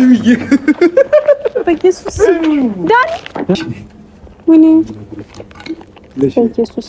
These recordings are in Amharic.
ሀይሚዬ በኢየሱስ ዳኒ ወይኔ በኢየሱስ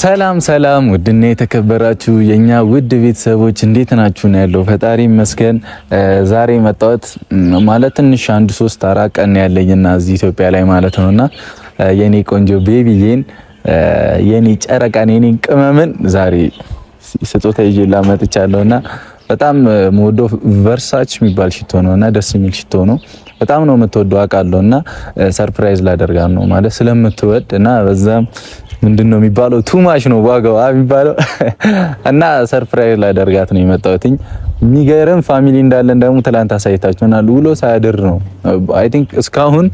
ሰላም ሰላም፣ ውድና የተከበራችሁ የኛ ውድ ቤተሰቦች እንዴት ናችሁ? ነው ያለው ፈጣሪ ይመስገን። ዛሬ መጣሁት ማለት ትንሽ አንድ ሶስት አራት ቀን ያለኝና እዚህ ኢትዮጵያ ላይ ማለት ነውና የኔ ቆንጆ ቤቢዬን የኔ ጨረቃን የኔን ቅመምን ዛሬ ስጦታ ይዤ ላመጥቻለሁ እና በጣም ሞዶ ቨርሳች የሚባል ሽቶ ነው እና ደስ የሚል ሽቶ ነው። በጣም ነው የምትወደው አውቃለሁ እና ሰርፕራይዝ ላደርጋ ነው ማለት ስለምትወድ እና በዛም ምንድን ነው የሚባለው ቱማሽ ነው ዋጋው የሚባለው እና ሰርፕራይዝ ላደርጋት ነው የመጣሁትኝ። የሚገርም ፋሚሊ እንዳለን ደግሞ ትላንት አሳይታችሁናል። ውሎ ሳያድር ነው አይ ቲንክ እስካሁን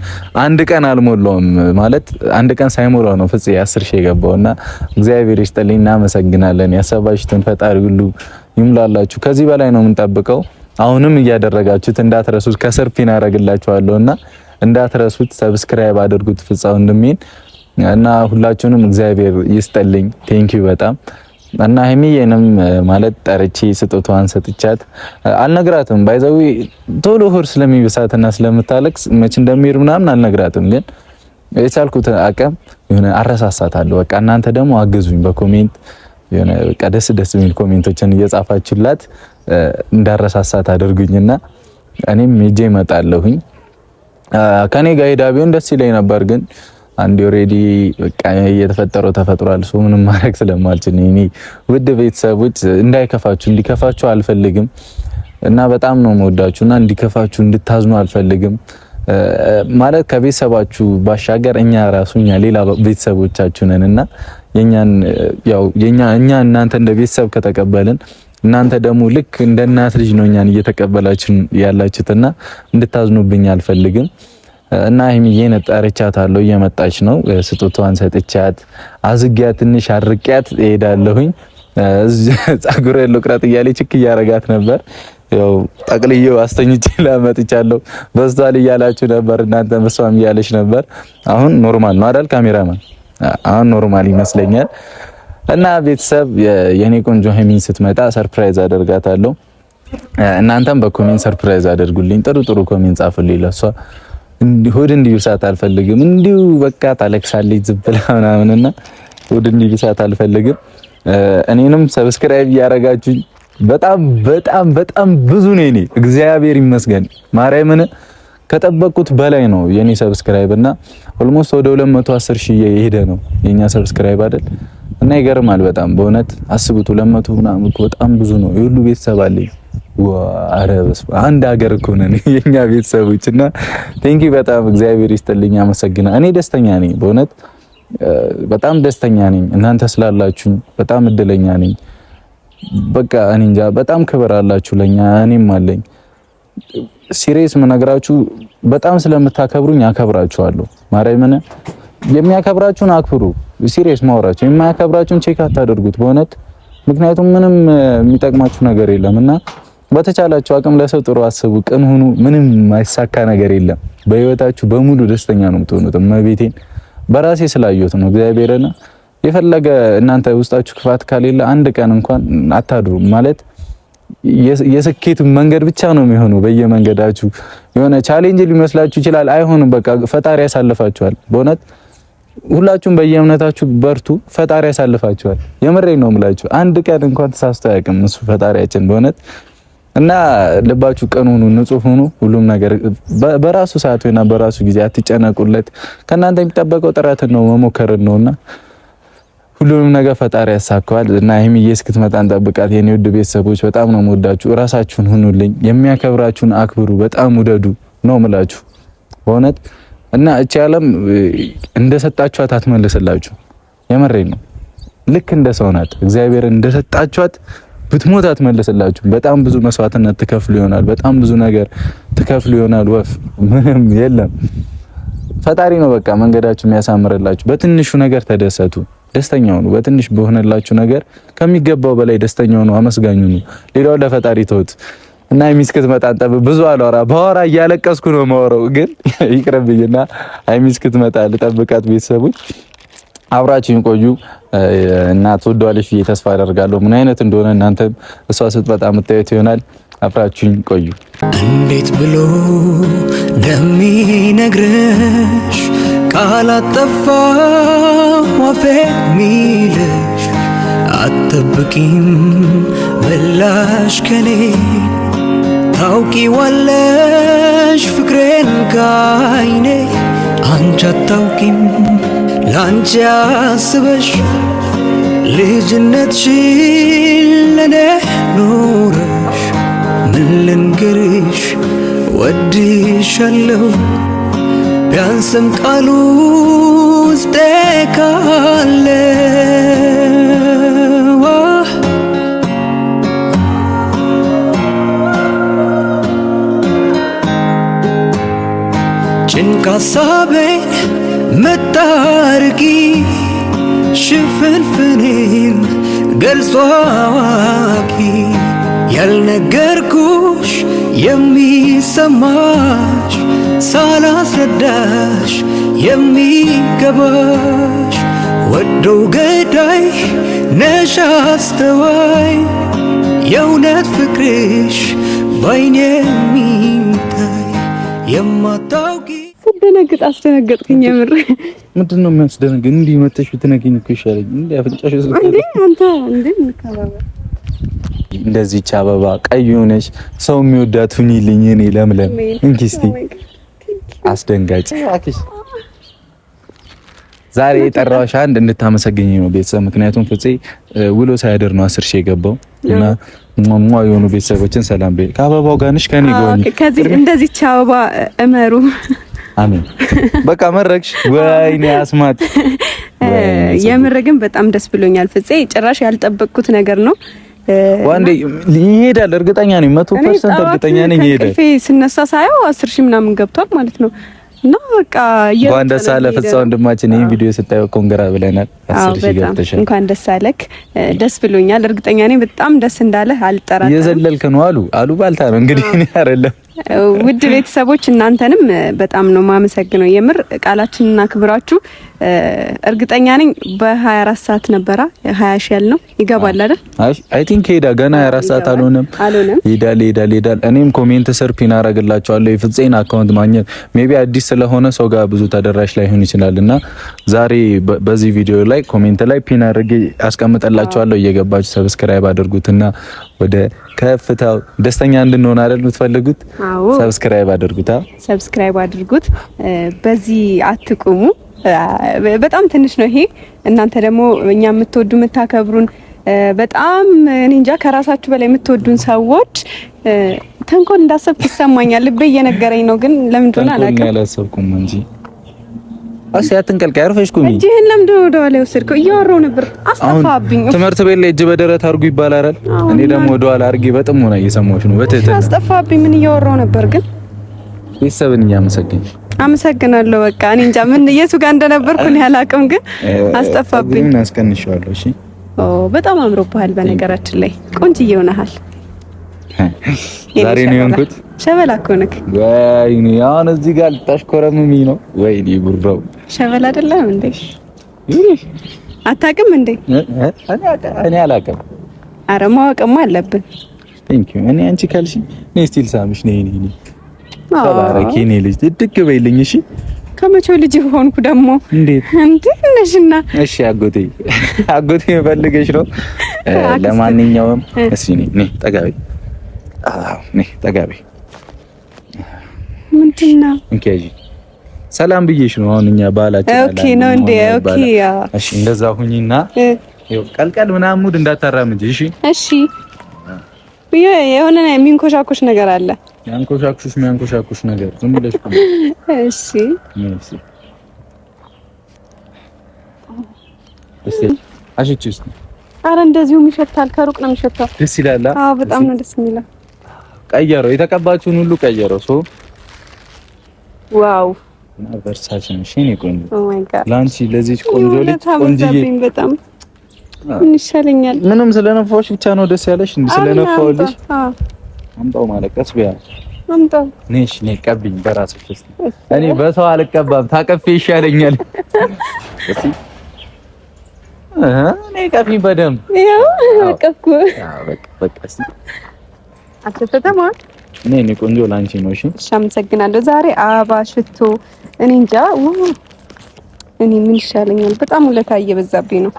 አንድ ቀን አልሞላውም ማለት አንድ ቀን ሳይሞላው ነው ፍጽ አስር ሺህ የገባው እና እግዚአብሔር ይስጥልኝ፣ እናመሰግናለን። ያሰባችሁትን ፈጣሪ ሁሉ ይሙላላችሁ። ከዚህ በላይ ነው የምንጠብቀው። አሁንም እያደረጋችሁት እንዳትረሱት፣ ከስር ፊን አደርግላችኋለሁ እንዳትረሱት፣ ሰብስክራይብ አድርጉት። ፍጻው እንደሚን እና ሁላችሁንም እግዚአብሔር ይስጥልኝ። ቴንክ ዩ በጣም እና ሀይሚዬንም ማለት ጠርቼ ስጦቷን ሰጥቻት አልነግራትም። ባይዘዊ ቶሎ ሆድ ስለሚብሳትና ስለምታለቅስ መች እንደሚሄድ ምናምን አልነግራትም ግን የቻልኩት አቅም የሆነ አረሳሳታለሁ። በቃ እናንተ ደግሞ አገዙኝ በኮሜንት የሆነ በቃ ደስ ደስ የሚል ኮሜንቶችን እየጻፋችሁላት እንዳረሳሳት አድርጉኝና እኔም ሄጄ እመጣለሁኝ። ከኔ ጋር ሄዳ ቢሆን ደስ ይለኝ ነበር ግን አንድ ኦሬዲ በቃ እየተፈጠረው ተፈጥሯል። ሶ ምንም ማድረግ ስለማልችል እኔ ውድ ቤተሰቦች እንዳይከፋችሁ፣ እንዲከፋችሁ አልፈልግም እና በጣም ነው መወዳችሁ እና እንዲከፋችሁ፣ እንድታዝኑ አልፈልግም ማለት ከቤተሰባችሁ ባሻገር እኛ ራሱ እኛ ሌላ ቤተሰቦቻችሁ ነን እና የኛን ያው እኛ እናንተ እንደ ቤተሰብ ከተቀበልን እናንተ ደግሞ ልክ እንደ እናት ልጅ ነው እኛን እየተቀበላችሁ ያላችሁትና እንድታዝኑብኝ አልፈልግም። እና ሀይሚዬን ጠርቻታለሁ፣ እየመጣች ነው። ስጦታዋን ሰጥቻት አዝጊያ ትንሽ አርቂያት እሄዳለሁኝ። ጸጉሬን ልቁረጥ እያለች ችክ እያረጋት ነበር። ያው ጠቅልዬው አስተኝቼ ላመጥቻለሁ። በዝቷል እያላችሁ ነበር እናንተ፣ በሷም እያለች ነበር። አሁን ኖርማል ነው አይደል? ካሜራማን አሁን ኖርማል ይመስለኛል። እና ቤተሰብ የኔ ቆንጆ ሀይሚን ስትመጣ ሰርፕራይዝ አደርጋታለሁ። እናንተም በኮሜንት ሰርፕራይዝ አድርጉልኝ። ጥሩ ጥሩ ኮሜንት ጻፉልኝ ለሷ ሆድ እንዲብሳት አልፈልግም። እንዲሁ በቃ ታለቅሳለች ዝብላ ምናምንና ሆድ እንዲብሳት አልፈልግም። እኔንም ሰብስክራይብ እያረጋችሁኝ በጣም በጣም በጣም ብዙ ነው እኔ እግዚአብሔር ይመስገን ማርያምን ከጠበቁት በላይ ነው የኔ ሰብስክራይብ እና ኦልሞስት ወደ 210 ሺህ የሄደ ነው የኛ ሰብስክራይብ አይደል? እና ይገርማል በጣም በእውነት አስቡት 200 ምናምን በጣም ብዙ ነው የሁሉ ቤተሰብ አለኝ አንድ ሀገር እኮ ነን የኛ ቤተሰቦች እና ቴንኪ በጣም እግዚአብሔር ይስጥልኝ፣ አመሰግና። እኔ ደስተኛ ነኝ፣ በእውነት በጣም ደስተኛ ነኝ። እናንተ ስላላችሁኝ በጣም እድለኛ ነኝ። በቃ እኔ እንጃ በጣም ክብር አላችሁ ለኛ፣ እኔም አለኝ። ሲሪየስ ምነግራችሁ በጣም ስለምታከብሩኝ አከብራችኋለሁ። ማርያምን የሚያከብራችሁን አክብሩ። ሲሪየስ ማውራችሁ የማያከብራችሁን ቼክ አታደርጉት በእውነት ምክንያቱም ምንም የሚጠቅማችሁ ነገር የለም እና በተቻላችሁ አቅም ለሰው ጥሩ አስቡ፣ ቅን ሁኑ። ምንም የማይሳካ ነገር የለም። በህይወታችሁ በሙሉ ደስተኛ ነው የምትሆኑት። እመቤቴን በራሴ ስላየሁት ነው። እግዚአብሔርና የፈለገ እናንተ ውስጣችሁ ክፋት ከሌለ አንድ ቀን እንኳን አታድሩም ማለት የስኬት መንገድ ብቻ ነው የሚሆነው። በየመንገዳችሁ የሆነ ቻሌንጅ ሊመስላችሁ ይችላል። አይሆንም፣ በቃ ፈጣሪ ያሳልፋችኋል። በእውነት ሁላችሁም በየእምነታችሁ በርቱ። ፈጣሪ ያሳልፋችኋል። የምሬ ነው የምላችሁ። አንድ ቀን እንኳን ተሳስቶ አያውቅም እሱ ፈጣሪያችን በእውነት እና ልባችሁ ቅን ሁኑ፣ ንጹህ ሁኑ። ሁሉም ነገር በራሱ ሰዓቱ እና በራሱ ጊዜ አትጨነቁለት። ከእናንተ የሚጠበቀው ጥረትን ነው መሞከርን ነውና ሁሉንም ነገር ፈጣሪ ያሳካዋል። እና ሀይሚዬ እስክትመጣ እንጠብቃት። የኔ ውድ ቤተሰቦች በጣም ነው የምወዳችሁ። ራሳችሁን ሁኑልኝ፣ የሚያከብራችሁን አክብሩ፣ በጣም ውደዱ ነው የምላችሁ በእውነት እና እቺ ዓለም እንደሰጣችኋት አትመልስላችሁ። የመሬን ነው። ልክ እንደ ሰው ናት። እግዚአብሔር እንደሰጣችኋት ብትሞት አትመለስላችሁም። በጣም ብዙ መስዋዕትነት ትከፍሉ ይሆናል። በጣም ብዙ ነገር ትከፍሉ ይሆናል። ወፍ ምንም የለም። ፈጣሪ ነው በቃ መንገዳችሁ የሚያሳምርላችሁ። በትንሹ ነገር ተደሰቱ፣ ደስተኛ ሁኑ። በትንሽ በሆነላችሁ ነገር ከሚገባው በላይ ደስተኛ ሁኑ፣ አመስጋኙ ነው። ሌላው ለፈጣሪ ተውት እና የሚስክት መጣን ጠብ ብዙ አላወራ ባወራ እያለቀስኩ ነው ማወራው፣ ግን ይቅርብኝና አይሚስክት መጣ ልጠብቃት ቤተሰቦች አብራችን ቆዩ እና ትወደዋለሽ ብዬ ተስፋ አደርጋለሁ። ምን አይነት እንደሆነ እናንተ እሷ ስትመጣ የምታዩት ይሆናል። አብራችሁን ቆዩ። እንዴት ብሎ ደሜ ነግረሽ ቃል ዋፌ ሚልሽ አጠብቂም በላሽ ከኔ ታውቂዋለሽ ፍቅሬን ካይኔ አንቺ አታውቂም ላንቺ አስበሽ ልጅነትሽን ለኔ ኖረሽ ምን ልንገርሽ ወድሻለሁ ቢያንስም ቃሉ ውስጤ ካለ ጭንቅ ሀሳቤን መታርቂ ሽፍንፍኔን ገልጾ አዋቂ ያልነገርኩሽ የሚሰማሽ ሳላስረዳሽ የሚገባሽ ወደው ገዳይ ነሽ አስተዋይ የእውነት ፍቅርሽ ባይን የሚታይ የማታው! ስደነግጥ አስደነገጥክኝ። የምር ምንድን ነው የሚያስደነግጥ? እንዲህ መተሽ ብትነግኝ እኮ ይሻለኝ። እንዲህ አፍንጫሽ እንደዚህች አበባ ቀይ ሆነሽ ሰው የሚወዳት ሁኚልኝ። እኔ ለምለም እንኪ እስቲ አስደንጋጭ ዛሬ የጠራሁሽ አንድ እንድታመሰግኝ ነው ቤተሰብ። ምክንያቱም ፍፄ ውሎ ሳያደር ነው አስር ሺህ የገባው እና ሟሟ የሆኑ ቤተሰቦችን ሰላም በይ። ከአበባው ጋር ነሽ ከኔ ጎን ከዚህ እንደዚህ አበባ እመሩ አሜን። በቃ መረቅሽ። ወይኔ አስማት፣ የምር ግን በጣም ደስ ብሎኛል። ፍፄ ጭራሽ ያልጠበቅኩት ነገር ነው። ዋንዴ ይሄዳል፣ እርግጠኛ ነኝ፣ 100% እርግጠኛ ነኝ ይሄዳል። ከፌ ስነሳ ሳየው 10 ሺህ ምናምን ገብቷል ማለት ነው። እና በቃ እንኳን ደስ አለ ፍፄ ወንድማችን፣ ይሄን ቪዲዮ ስታዩ ኮንግራ ብለናል። 10 ሺህ እንኳን ደስ አለክ። ደስ ብሎኛል፣ እርግጠኛ ነኝ በጣም ደስ እንዳለ አልጠራ። ነው አሉ አሉ ባልታ ነው እንግዲህ እኔ አይደለም ውድ ቤተሰቦች እናንተንም በጣም ነው ማመሰግነው። የምር ቃላችንና ክብራችሁ እርግጠኛ ነኝ በ24 ሰዓት ነበራ 20 ሺህ ያልነው ይገባል አይደል? አይ ቲንክ ሄዳ ገና 24 ሰዓት አልሆነም። ይሄዳል፣ ይሄዳል፣ ይሄዳል። እኔም ኮሜንት ስር ፒን አረግላችኋለሁ የፍጼን አካውንት ማግኘት ሜቢ አዲስ ስለሆነ ሰው ጋር ብዙ ተደራሽ ላይሆን ይችላል እና ዛሬ በዚህ ቪዲዮ ላይ ኮሜንት ላይ ፒን አድርጌ አስቀምጠላችኋለሁ። እየገባችሁ ሰብስክራይብ አድርጉትና ወደ ከፍታው ደስተኛ እንድንሆን አይደል የምትፈልጉት? ሰብስክራይብ አድርጉታ፣ ሰብስክራይብ አድርጉት። በዚህ አትቁሙ። በጣም ትንሽ ነው ይሄ። እናንተ ደግሞ እኛ የምትወዱ የምታከብሩን፣ በጣም እኔ እንጃ ከራሳችሁ በላይ የምትወዱን ሰዎች ተንኮል እንዳሰብኩ ይሰማኛል። ልቤ እየነገረኝ ነው፣ ግን ለምንድን ነው አላውቅም። አላሰብኩም እንጂ አስ አትንቀልቀይ፣ አርፈሽ ቁሚ። እጅህን ለምንድን ወደ ወደኋላ የወሰድከው? እያወራሁ ነበር፣ አስጠፋህብኝ። ትምህርት ቤት ላይ እጅ በደረት አድርጉ ይባላል። እኔ ደግሞ ወደኋላ አድርጌ በጥሞና እየሰማሁሽ ነው። በትህትና አስጠፋህብኝ። ምን እያወራሁ ነበር ግን? ቤተሰብን እያመሰገንሽ አመሰግናለሁ። በቃ እኔ እንጃ ምን የቱ ጋር እንደነበርኩ እኔ አላውቅም፣ ግን አስጠፋብኝ። ምን አስቀንሽዋለሁ? እሺ። ኦ በጣም አምሮብሃል። በነገራችን ላይ ቆንጆዬ ሆነሃል። ዛሬ ነው የሆንኩት። ሸበላ እኮ ነክ። ወይኔ አሁን እዚህ ጋር ልታሽኮረምሚ ነው። ወይኔ ጉራው ሸበላ አይደለም እንዴ? አታውቅም እንዴ? እኔ አላውቅም። ኧረ ማወቅማ አለብን። ቴንክ ዩ። እኔ አንቺ ካልሽ እኔ ስቲል ሳምሽ ነኝ። ነኝ ነኝ ተባረኪ፣ እኔ ልጅ ድግ በይልኝ። እሺ ከመቼው ልጅ ሆንኩ ደግሞ? እንዴት እንዴት ነሽና? እሺ አጎቴ አጎቴ ፈልገሽ ነው። ለማንኛውም እሺ ነኝ ነኝ ጠጋቤ አዎ ነኝ ጠጋቤ ምንድነው? ሰላም ብዬሽ ነው። አሁን እኛ ባህላችን ኦኬ ነው እንዴ? ኦኬ ያ እሺ፣ እንደዛ ሁኚና ይኸው ቀልቀል ምናምን ሙድ እንዳታራምጂ። እሺ፣ እሺ። የሆነ የሚንኮሻኮሽ ነገር አለ። ያንኮሻኩሽ የሚያንኮሻኮሽ ነገር ዝም ብለሽ እሺ። እሺ አሽቺ እስቲ አረ እንደዚሁ ይሸታል። ከሩቅ ነው የሚሸታው። ደስ ይላል። አዎ በጣም ነው ደስ የሚለው። ቀየረው፣ የተቀባችሁን ሁሉ ቀየረው። ሶ ዋው እና ቨርሳች ቆንጆ። oh ቆንጆ ልጅ ቆንጆዬ በጣም ምን ይሻለኛል? ምንም ስለነፋዎች ብቻ ነው ደስ ያለሽ? እንዴ ስለነፋውልሽ? አምጣው አምጣው። ቀብኝ እኔ በሰው አልቀባም ታቀፌ ይሻለኛል። እኔ ቀፊኝ በደምብ በቃ በቃ በቃ እኔ እኔ ቆንጆ ላንቺ ነው። እሺ እሺ፣ አመሰግናለሁ። ዛሬ አበባ፣ ሽቶ እኔ እንጃ። እኔ ምን ይሻለኛል? በጣም ውለታ እየበዛብኝ ነው።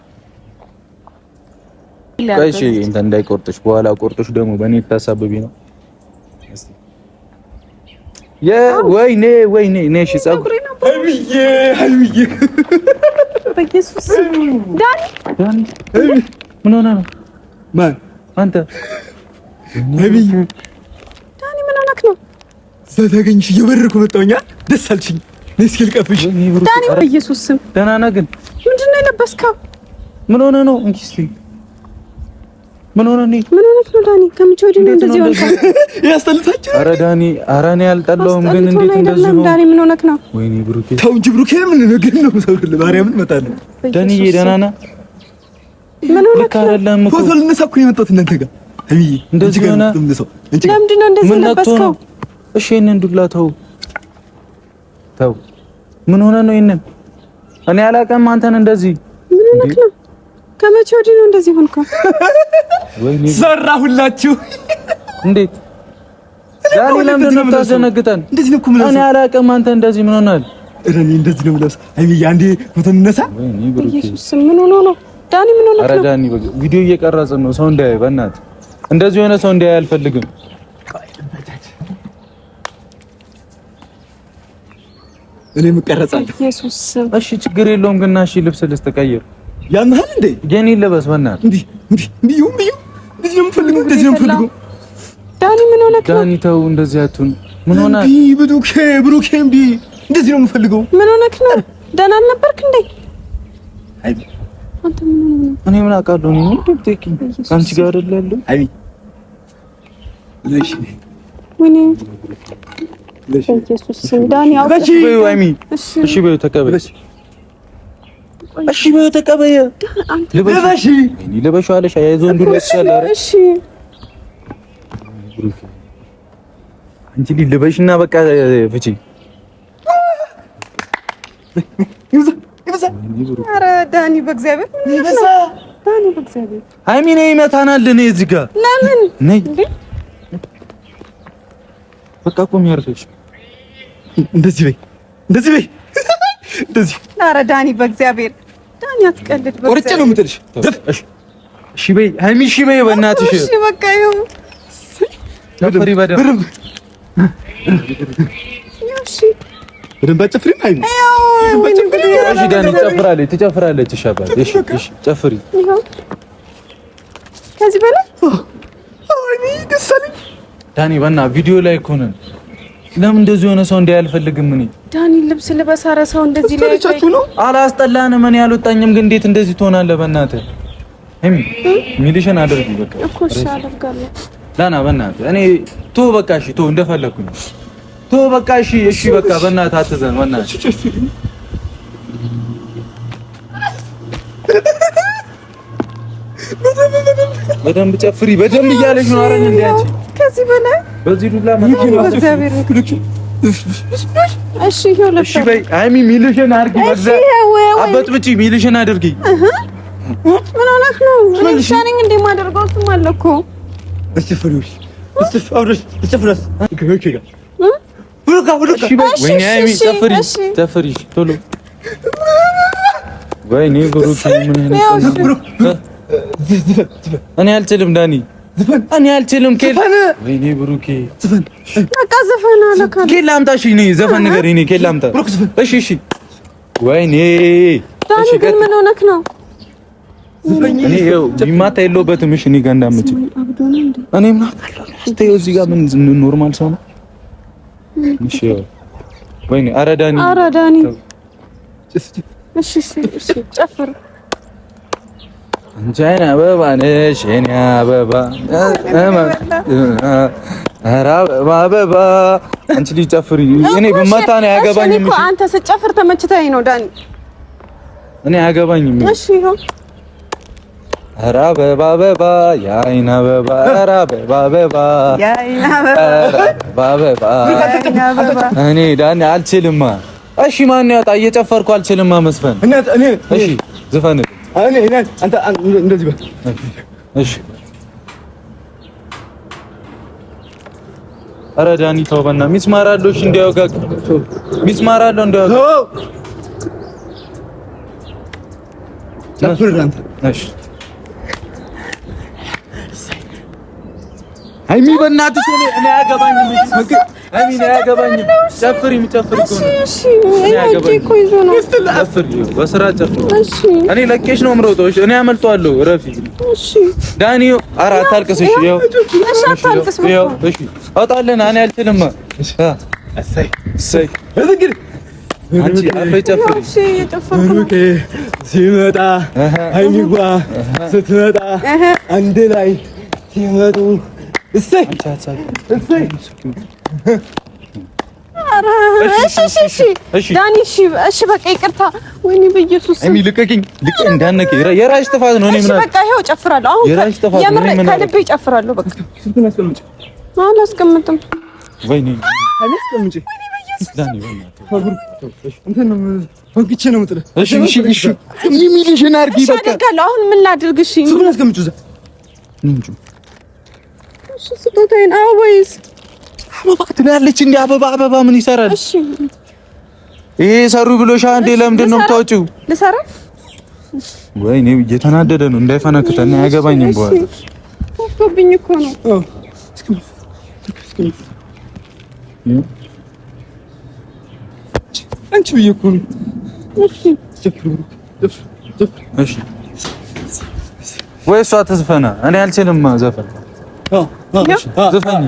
እሺ እንትን እንዳይቆርጥሽ፣ በኋላ ቆርጥሽ ደግሞ በእኔ ታሳብቢ ነው። ወይኔ ወይኔ፣ እሺ ፀጉር በኢየሱስ ዳኒ ዳኒ ምን ሆነህ ነው? ማን አንተ? ምን ሆነክ ነው? ሳታገኝሽ እየበረርኩ መጣሁኛ። ደስ አልችኝ። እስኪ ልቀፍሽ። ዳኒ በኢየሱስ ስም ደህና ነህ? ግን ምንድን ነው የለበስከው? ምን ሆነህ ነው? እንኪ እስኪ ምን ሆነህ ነው? ምን ሆነህ ነው ዳኒ? ከምቼ ወዲህ ነው እንደዚህ ሆንክ? ያስጠልታችሁ። ኧረ ዳኒ፣ ኧረ እኔ አልጠላሁም፣ ግን እንዴት እንደዚህ ነው? ዳኒ ምን ሆነህ ነው? ወይኔ ብሩኬ፣ ተው እንጂ ብሩኬ። ምን ነው ግን ነው ሰው ለማርያም እንመጣለን። ዳኒዬ ደህና ነህ? ምን ሆነህ ነው? ፎቶ ልነሳ እኮ የመጣሁት እናንተ ጋር ነው ይሄንን ዱላ ተው ተው። ምን ሆነ ነው ይሄንን? እኔ አላውቅም። አንተን እንደዚህ ምን ሆነህ ነው? ከመቼ ወዲህ ነው እንደዚህ ሆንከው? ሰራሁላችሁ። እንዴት ዛሬ ነው እኔ አላውቅም። አንተ እንደዚህ ምን ሆነሃል? እኔ እንደዚህ ነው አይ ያንዴ ምን ሆኖ ነው ዳኒ? ምን ሆነ ነው? ዳኒ ቪዲዮ እየቀረጽን ነው ሰው እንዳያይ በእናትህ እንደዚህ የሆነ ሰው እንዲያይ አልፈልግም። እኔም እቀረጻለሁ። ኢየሱስ እሺ፣ ችግር የለውም ግን እሺ፣ ልብስ ልስተቀይር ያምሃል እንዴ? የኔ ልበስ በእናትህ። እንዴ እንዴ እንዴ እንዴ እንዴ ነው የምፈልገው፣ እንደዚህ ነው የምፈልገው። ዳኒ ምን ሆነህ? ዳኒ ተው፣ እንደዚህ አትሁን። ምን ሆነህ? እንዴ ብሩኬ፣ ብሩኬ፣ እንዴ እንደዚህ ነው የምፈልገው። ምን ሆነህ ነው? ደህና አልነበርክ እንዴ? አይ አንተ ምን ሆነህ? እኔ ምን አውቃለሁ። እኔ ምን ደብቴክ አንቺ ጋር አይደል ያለው? አይ ልበሽና በቃ ፍቺ ኧረ ዳኒ በእግዚአብሔር ዳኒ በእግዚአብሔር ሀይሚ ነይ ይመታናል። እኔ እዚህ ጋር ለምን በቃ እኮ የሚያርሰሽ እንደዚህ በይ፣ እንደዚህ በይ፣ እንደዚህ። ኧረ ዳኒ፣ በእግዚአብሔር ዳኒ አትቀልድ። ቆርጬ ነው የምጥልሽ። እሺ በይ ሀይሚ፣ እሺ በይ በእናትሽ። እሺ በቃ ይኸው ጨፍሪ በደምብ በደምብ አትጨፍሪም ሀይሚ? እሺ ዳኒ፣ ትጨፍራለች፣ ትጨፍራለች። እሺ አባት፣ እሺ፣ እሺ፣ ጨፍሪ ከዚህ በላይ ዳኒ በና ቪዲዮ ላይ እኮ ነን። ለምን እንደዚህ የሆነ ሰው እንዲህ አልፈልግም። እኔ ዳኒ ልብስ ልበስ። ኧረ ሰው እንደዚህ ላይ ነው። አላስጠላንም። እኔ አልወጣኝም፣ ግን እንዴት እንደዚህ ትሆናለህ? በእናትህ እም ሚሊሽን አድርጊ በቃ እኮ እሺ፣ አደርጋለሁ። ዳና በእናትህ እኔ ቶ በቃ እሺ፣ ቶ እንደፈለኩኝ ቶ በቃ እሺ፣ እሺ በቃ በእናትህ አትዘን፣ በእናትህ በደንብ ጨፍሪ፣ በደንብ እያለሽ ነው። አረኝ እንዴ አንቺ ከዚህ በላይ በዚህ ዱላ ማለት ነው። እሺ፣ እሺ በይ አይሚ ሚልሽን አድርጊ። በዛ አበጥብጪ፣ ሚልሽን አድርጊ። ምን ሆነህ ነው? ምን ሻኒንግ እንዴ ማደርገው እሱም አለ እኮ እስትፈሩሽ አይሚ ቶሎ ወይኔ ብሩክ ምን ሆነህ ነው? እኔ አልችልም ዳኒ እኔ አልችልም። ኬል ወይኔ ብሩኬ ዘፈን በቃ ዘፈን አለካ ኬል ላምጣ። እሺ እሺ ወይኔ ዳኒ ግን ምን ሆነክ ነው? እኔ ይኸው ቢማታ የለውበትም። እሺ እኔ ጋር እንዳትመጪ። እኔ እዚህ ጋር ምን ኖርማል ሰው ነው። እሺ ወይኔ ኧረ ዳኒ ኧረ ዳኒ እሺ እሺ እሺ ጨፍር አንቺን አበባ ነሽ የኔ አበባ አበባ አበባ አንቺ ልጅ ጨፍሪ። እኔ ብመታ ነው አያገባኝም። እሺ አንተ ስጨፍር ተመችተኝ ነው ዳኒ። እኔ አያገባኝም። እሺ ኧረ አበባ አበባ የዓይን አበባ ኧረ አበባ አበባ የዓይን አበባ እኔ ዳኒ አልችልማ። እሺ ማን ያውጣ? እየጨፈርኩ አልችልማ መስፈን። እሺ ዝፈንልኝ እኔ እኔ አንተ እንደዚህ በል እሺ። ኧረ ዳኒ ተው በእናትህ፣ ሚስማር አለው። እሺ ሚስማር አለው እንዳያወጋ። እሺ ሃይሚ በእናትህ እኔ አያገባኝም አሚና ያገባኝ ጨፍሪ የምጨፍር በስራ ጨፍሪ። እኔ ለቄሽ ነው የምሮጠው። እኔ አመልጠዋለሁ። ረፊ ዳኒ፣ ኧረ አታልቅስ። እሺ አውጣለን። እኔ አልችልም። አንቺ አፈ ጨፍሪ ብሩኬ ሲመጣ ሀይሚጓ ስትመጣ አንድ ላይ ሲመጡ እሰይ ዳኒ እሺ፣ በቃ ይቅርታ። አበባ ትናለች። እንደ አበባ አበባ ምን ይሰራል? ይሄ ሰሩ ብሎሻ እንዴ? ለምንድን ነው የምታወጪው? ልሰራ ወይኔ፣ እየተናደደ ነው። እንዳይፈነክተና አያገባኝም። በኋላ ኮብኝ እኮ ነው አንቺ ብዬሽ እኮ ነው። እሺ ወይ እሷ ትዝፈና፣ እኔ አልችልም ዘፈን ዘፈኝ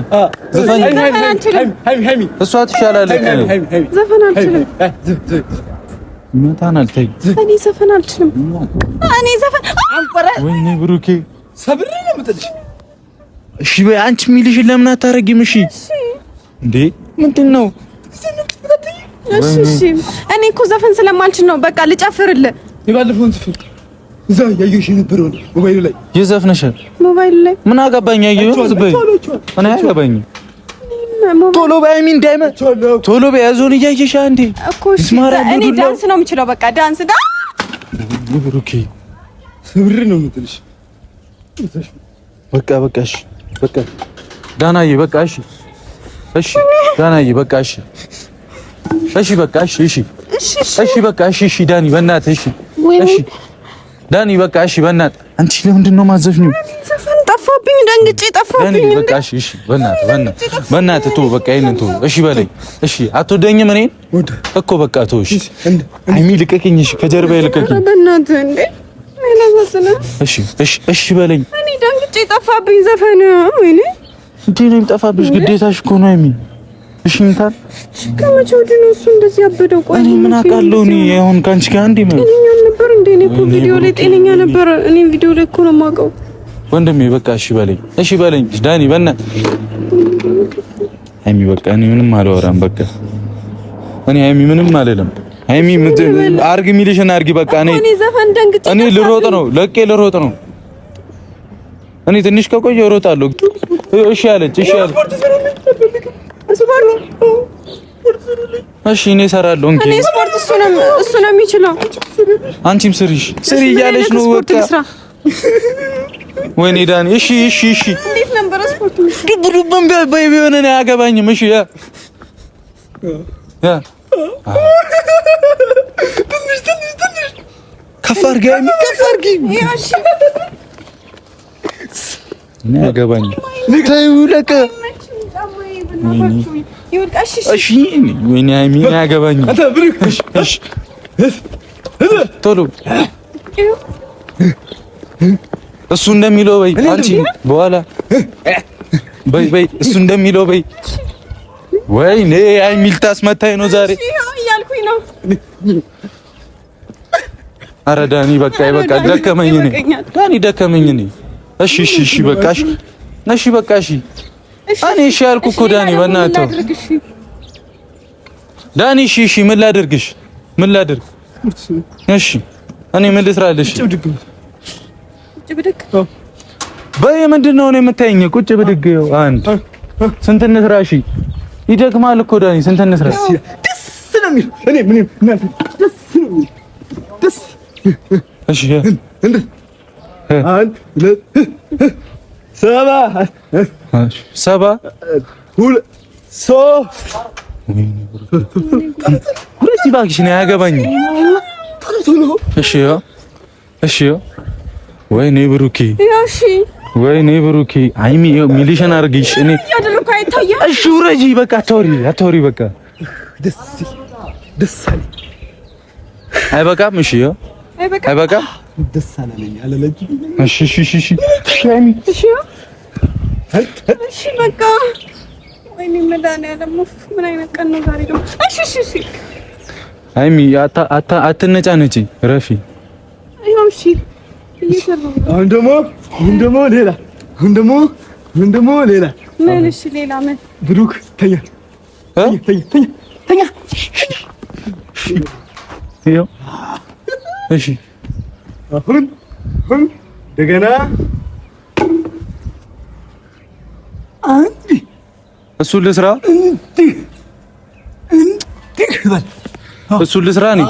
ዘፈኝ እሷ ትሻላለች። ዘፈን አልችልም። ይመታናል። ተይ እኔ ዘፈን አልችልም። እኔ ዘፈን ወይኔ ብሩኬ ሰብር ነው የምትልሽ። እሺ በይ አንቺ የሚልሽን ለምን አታረጊም? እሺ እንዴ ምንድን ነው? እኔ እኮ ዘፈን ስለማልችል ነው። በቃ ልጨፍርልህ ይባልፈውን እዛ ያየሽ የነበረው ሞባይል ላይ የዘፍነሻል። ሞባይል ላይ ምን አገባኝ? ያየው ዝበይ ምን አገባኝ? ቶሎ በአይሚ እንዳይመ ቶሎ በያዞን እያየሽ አንዴ እኮ እኔ ዳንስ ነው የምችለው። በቃ ዳንስ ዳ ብሩኬ ስብር ነው የምትልሽ። በቃ በቃ እሺ፣ በቃ ዳናዬ፣ በቃ እሺ፣ እሺ ዳናዬ፣ በቃ እሺ፣ እሺ፣ በቃ እሺ፣ እሺ፣ እሺ፣ በቃ እሺ፣ እሺ ዳኒ፣ በእናትህ እሺ፣ እሺ ዳኒ በቃ እሺ፣ በእናት አንቺ ለምንድን ነው ማዘፍኝ? ጠፋብኝ፣ ደንግጬ ጠፋብኝ። በቃ እሺ፣ እሺ፣ በእናት በእናት በእናት ተው፣ በቃ ይሄንን ተው። እሺ በለኝ፣ እሺ። አትወደኝም እኔን እኮ በቃ ተው፣ እሺ። አይሚ ልቀቅኝ፣ እሺ፣ ከጀርባዬ ልቀቅኝ። በእናት እንዴ! እሺ፣ እሺ፣ እሺ በለኝ። እኔ ደንግጬ ጠፋብኝ ዘፈን። ወይኔ እንዴ! እኔም ጠፋብሽ፣ ግዴታሽ እኮ ነው አይሚ እሽኝታል ከመቼ ወዲህ ነው እሱ እንደዚህ ያበደው? ቆይ እኔ ምን አውቃለሁ። እኔ አሁን ከአንቺ ጋር አንዴ ነው ጤነኛ ነበር እንዴ? እኔ እኮ ቪዲዮ ላይ ጤነኛ ነበር። እኔ ቪዲዮ ላይ እኮ ነው የማውቀው ወንድሜ። በቃ እሺ በለኝ፣ እሺ በለኝ ዳኒ፣ በእናትህ ሀይሚ፣ በቃ እኔ ምንም አላወራም። በቃ እኔ ሀይሚ ምንም አልልም። ሀይሚ አርግ የሚልሽን አርጊ። በቃ እኔ እኔ ልሮጥ ነው፣ ለቄ ልሮጥ ነው። እኔ ትንሽ ከቆየ እሮጣለሁ። እሺ አለች፣ እሺ አለች እሺ እኔ እሰራለሁ። እንዴ እኔ ስፖርት እሱ ነው እሱ ነው የሚችለው። አንቺም ስሪሽ ስሪ እያለሽ ነው ወጣ። ወይኔ ዳኒ፣ እሺ እሺ እሺ። እንዴት ነበር ስፖርቱ? ዱብ ዱብም ባይ ቢሆን እኔ አያገባኝም። እሺ ያ ያ ትንሽ ትንሽ ትንሽ ከፍ አድርጊ፣ ከፍ አድርጊ። እሺ እኔ አያገባኝም። ተይው ለቀ እሱ እንደሚለው በይ፣ አንቺ በኋላ በይ በይ፣ እሱ እንደሚለው በይ። ወይኔ ሀይሚል ነው ዛሬ እያልኩኝ ነው። ዳኒ በቃ ደከመኝ። ዳኒ ደከመኝ። እሺ፣ እሺ፣ እሺ፣ በቃ እሺ፣ እሺ፣ በቃ እሺ በቃ እሺ እኔ እሺ አልኩ እኮ ዳኒ፣ በእናትህ ዳኒ። እሺ እሺ፣ ምን ላድርግሽ? ምን ላድርግ? እሺ እኔ ምን ልስራልሽ? በይ ምንድን ነው የምታይኝ? ቁጭ ብድግ አንድ ስንት እንስራ? እሺ ይደክማል እኮ ዳኒ፣ ስንት እንስራ? ደስ ነው የሚል እኔ ምን ደስ ነው የሚል ደስ እሺ አንድ ሰባ ሰባ ሁለት ሶስት ሁለት እባክሽ ያገባኝ። እሺ እሺ፣ ወይኔ ብሩኬ፣ ወይኔ ብሩኬ፣ አይሚ ሚሊሽን አድርጊሽ። እኔ እሺ፣ ውረጂ በቃ አታውሪ፣ አታውሪ በቃ ደስ አለኝ። አይበቃም? እሺ አይበቃም። ደስ አላለኝ። እሺ እሺ እሺ እሺ እሺ በቃ ወይኔ መድኃኒዓለም ምን አይነት ቀን ነው ዛሬ ደግሞ። እሺ እሺ እሺ አይሚ አትነጫነጪ፣ ረፊ ይኸው። እሺ አሁን ደግሞ አሁን ደግሞ ሌላ አሁን ደግሞ አሁን ደግሞ ሌላ ምን? እሺ ሌላ ምን? ብሩክ ተኛ ተኛ ተኛ ተኛ። ይኸው እሺ አሁን አሁን እንደገና እሱን ልስራ እሱን ልስራ እኔ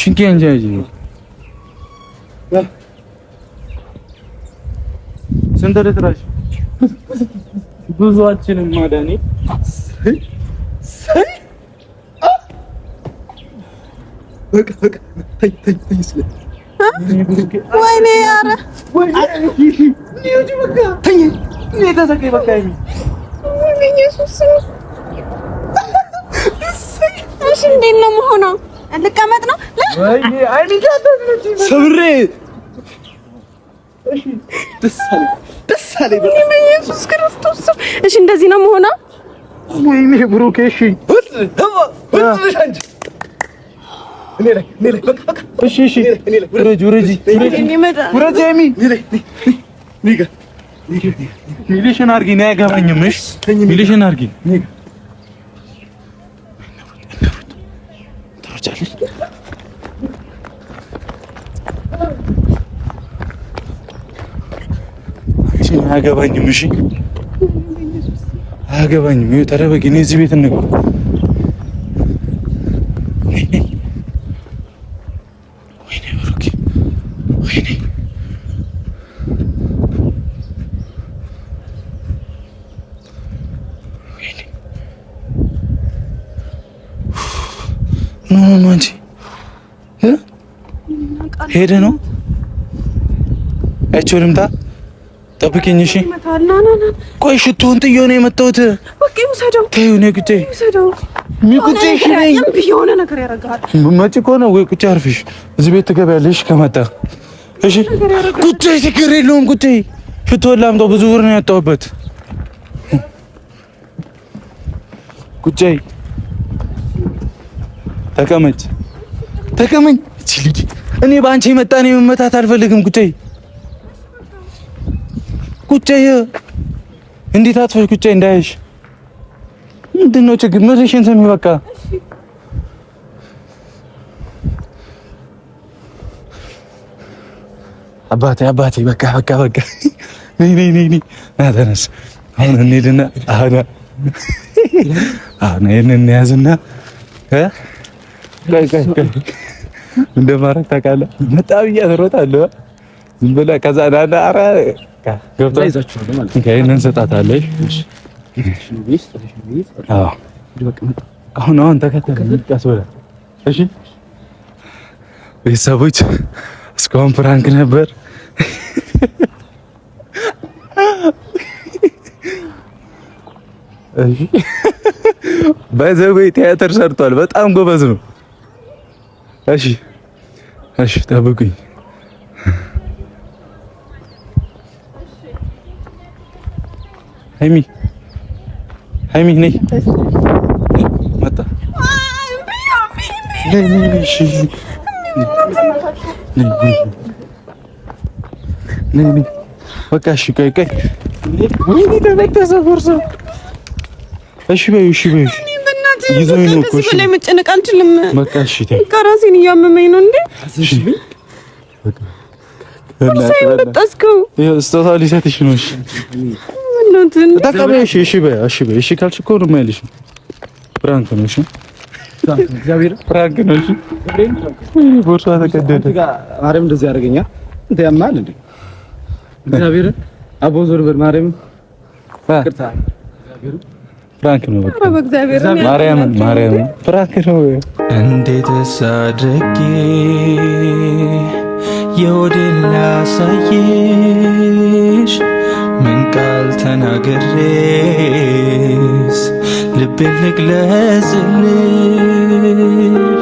ሽንቄ እንጂ ስንት ልስራሽ? ብዙዎችንም ማዳኔ ወይኔ ኧረ የተሰቀይ በቃ ይሄ ኢየሱስ እሺ፣ እንዴት ነው የምሆነው? ልቀመጥ ነው? ሰብሬ ደስ አለኝ። በኢየሱስ ክርስቶስ እሺ፣ እንደዚህ ነው የምሆነው። ወይኔ ብሩኬ፣ እሺ፣ እሺ፣ እሺ፣ ውረጅ፣ ውረጅ፣ ውረጅ፣ ሀይሚ ሚሊሽን አድርጊ ነው ያገባኝም። እሺ ሚሊሽን አድርጊ አያገባኝም። እሺ አያገባኝም። ተደበቂ። እኔ እዚህ ቤት እንግባ ሄደ ነው ያቸው ልምጣ ጠብቂኝ። እሺ ቆይ፣ ሽቶውን ጥዬ ነው የመጣሁት። ተይው እኔ ጉዴ ሚቁጭ እሺ ነኝ መጪ ከሆነ ወይ ቁጭ አርፍሽ እዚህ ቤት ትገቢያለሽ ከመጣ። እሺ ቁጭ ችግር የለውም ቁጭ። ሽቶውን ላምጣው ብዙ ብር ነው ያጣሁበት። ቁጭ ተቀመጭ፣ ተቀመጭ ልጅ እኔ በአንቺ የመጣ ነው መመታት አልፈልግም። ጉዳይ ጉዳይ እንዴት አትፈሽ ጉዳይ እንዳይሽ ምንድን ነው ችግር? ምርሽን ስሚ በቃ አባቴ አባቴ በቃ በቃ በቃ ነይ ነይ ነይ ነይ ና ተነስ። አሁን እንሂድና አሁን አሁን ይሄንን እንያዝና እ እንደማረግ ታውቃለህ። በጣም እያስሮጣለሁ ዝም ብለህ ከዛ ዳና አረ ገብቶ ይዛችኋል አሁን አሁን ተከተል እሺ ቤተሰቦች እስካሁን ፕራንክ ነበር። እሺ ባይ ቲያትር ሰርቷል። በጣም ጎበዝ ነው። እሺ፣ እሺ፣ ጠብቁኝ። ሀይሚ ሀይሚ ነይ መጣ በቃ እሺ፣ ቆይ ቆይ፣ እሺ በይው፣ እሺ በይው ይዞ ነው እኮ እሺ፣ ላይ መጨነቅ አልችልም። በቃ እሺ፣ ተይ ከራሴን እያመመኝ ነው እንዴ። እሺ፣ በቃ ራሴን በጣስከው ስጦታ ሊሰጥሽ ነው። እሺ፣ ተጠቀሚ። እሺ፣ እሺ በይ፣ እሺ በይ፣ እሺ ካልሽ እኮ ነው የማይልሽ። ፍራንክ ነው። እሺ፣ ፍራንክ ነው። እሺ፣ ቦርሷ ተቀደደ። ማርያም እንደዚህ አደረገኛ። እንትን ያማል እንዴ እግዚአብሔር አቦ ዞር በር ማርያም ፍራንክ ነው። በቃ። ማርያም ማርያም ፍራንክ ነው። እንዴት አድርጌ የወዴን ላሳየሽ ምን ቃል ተናግሬስ ልቤን ልግለጽልሽ